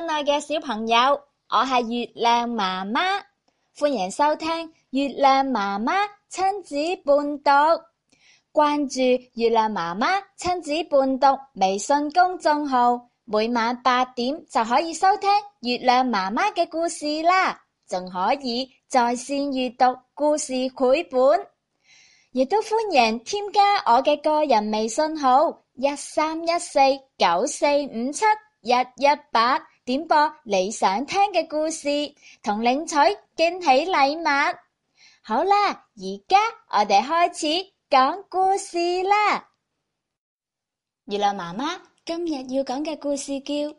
親愛嘅小朋友，我係月亮媽媽，歡迎收聽月亮媽媽親子伴讀。關注月亮媽媽親子伴讀微信公眾號，每晚八點就可以收聽月亮媽媽嘅故事啦，仲可以在線閱讀故事繪本，亦都歡迎添加我嘅個人微信號一三一四九四五七一一八。點播你想聽嘅故事，同領取驚喜禮物。好啦，而家我哋開始講故事啦。月亮媽媽今日要講嘅故事叫《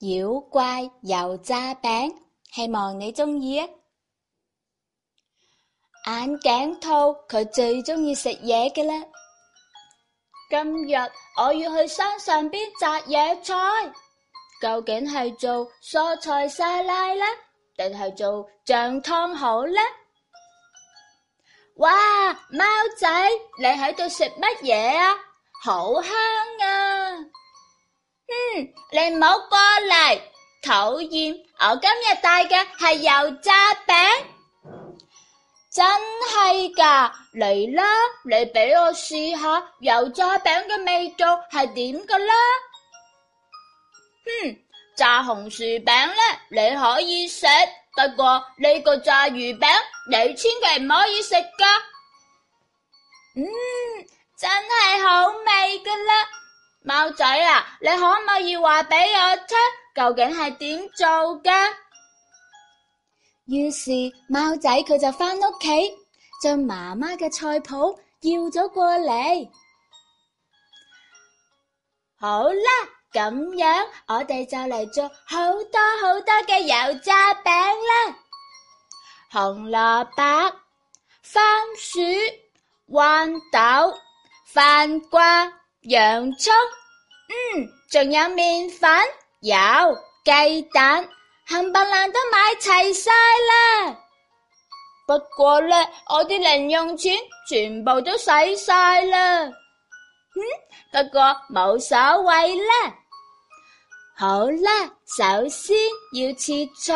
妖怪油炸餅》，希望你鍾意啊！眼鏡兔佢最鍾意食嘢嘅啦。今日我要去山上邊摘野菜。究竟係做蔬菜沙拉呢，定係做醬湯好呢？哇，貓仔，你喺度食乜嘢啊？好香啊！嗯，你唔好過嚟，討厭！我今日帶嘅係油炸餅，真係㗎！嚟啦，你俾我試下油炸餅嘅味道係點㗎啦？炸紅薯餅咧，你可以食，不過呢個炸魚餅你千祈唔可以食噶。嗯，真係好味噶啦，貓仔啊，你可唔可以話俾我聽，究竟係點做噶？於是貓仔佢就返屋企，將媽媽嘅菜譜要咗過嚟。好啦。咁樣，我哋就嚟做好多好多嘅油炸餅啦！紅蘿蔔、番薯、豌豆、番瓜、洋葱，嗯，仲有麵粉、油、雞蛋，冚唪唥都買齊晒啦。不過咧，我啲零用錢全部都使晒啦。嗯，不過冇所謂啦。好啦，首先要切菜，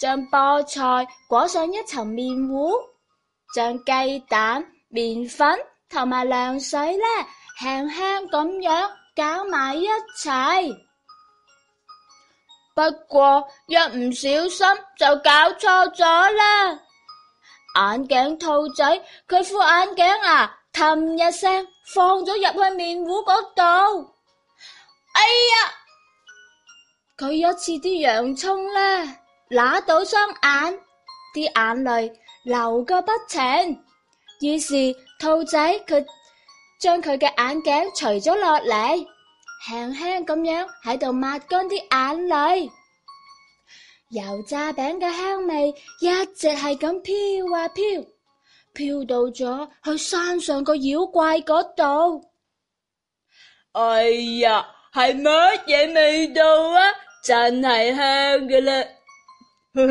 將菠菜裹，裹上一層麵糊，將雞蛋、麵粉同埋涼水咧，輕輕咁樣攪埋一齊。不過一唔小心就搞錯咗啦。眼鏡兔仔，佢副眼鏡啊！沉一聲，放咗入去麵糊嗰度。哎呀，佢有切啲洋葱啦，嗱到雙眼，啲眼淚流個不停。於是兔仔佢將佢嘅眼鏡除咗落嚟，輕輕咁樣喺度抹乾啲眼淚。油炸餅嘅香味一直係咁飄啊飄。.飄到咗去山上個妖怪嗰度。哎呀，係乜嘢味道啊？真係香噶啦！哦，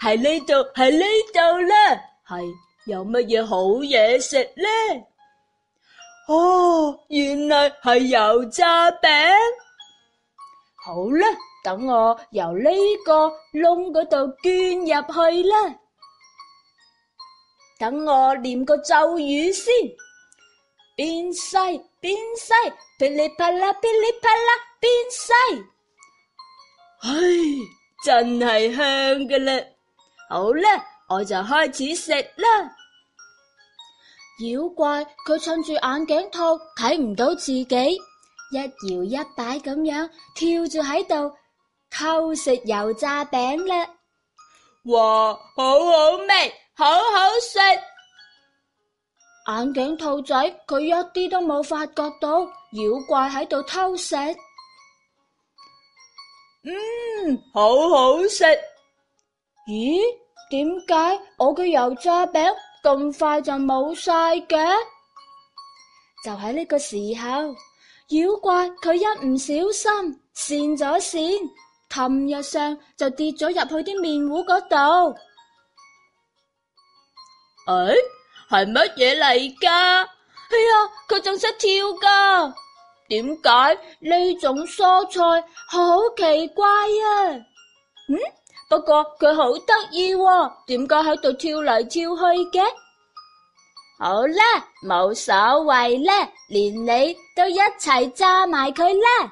喺呢度，喺呢度啦。係有乜嘢好嘢食咧？哦，原來係油炸餅。好啦，等我由呢個窿嗰度捐入去啦。等我念個咒語先，變細變細，噼里啪啦，噼里啪啦變細。唉，真係香噶啦！好啦，我就開始食啦。妖怪佢趁住眼鏡套睇唔到自己，一搖一擺咁樣跳住喺度偷食油炸餅啦。嘩，好好味，好好食。好好眼鏡兔仔佢一啲都冇發覺到妖怪喺度偷食。嗯，好好食。咦？點解我嘅油炸餅咁快就冇晒嘅？就喺呢個時候，妖怪佢一唔小心閃咗閃。晒氹日上就跌咗入去啲麵糊嗰度。唉、欸，係乜嘢嚟噶？係、哎、啊，佢仲識跳噶。點解呢種蔬菜好奇怪啊？嗯，不過佢好得意、啊，點解喺度跳嚟跳去嘅？好啦，冇所謂咧，連你都一齊炸埋佢咧。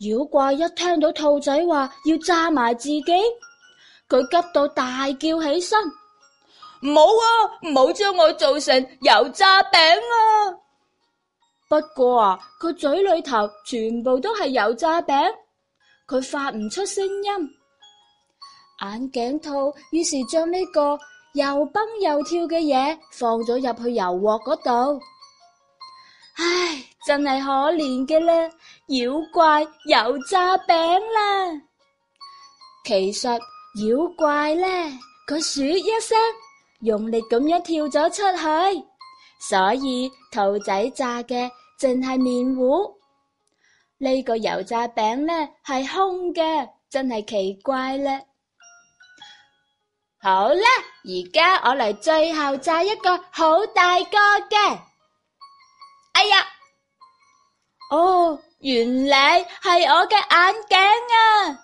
妖怪一聽到兔仔話要炸埋自己，佢急到大叫起身：唔好啊，唔好將我做成油炸餅啊！不過啊，佢嘴裏頭全部都係油炸餅，佢發唔出聲音。眼鏡兔於是將呢個又蹦又跳嘅嘢放咗入去油鑊嗰度。唉。真係可憐嘅啦，妖怪油炸餅啦！其實妖怪咧，佢噓一聲，用力咁樣跳咗出去，所以兔仔炸嘅淨係麵糊，呢個油炸餅咧係空嘅，真係奇怪咧。好啦，而家我嚟最後炸一個好大個嘅，哎呀！哦，原來係我嘅眼鏡啊！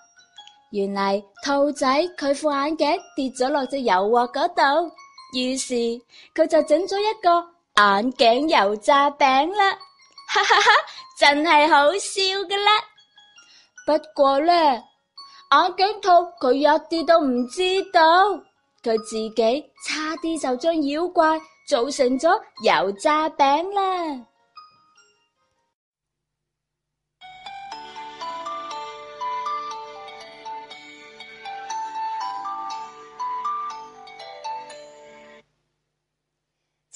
原來兔仔佢副眼鏡跌咗落隻油鑊嗰度，於是佢就整咗一個眼鏡油炸餅啦！哈哈哈哈，真係好笑㗎喇！不過咧，眼鏡兔佢一啲都唔知道，佢自己差啲就將妖怪做成咗油炸餅啦！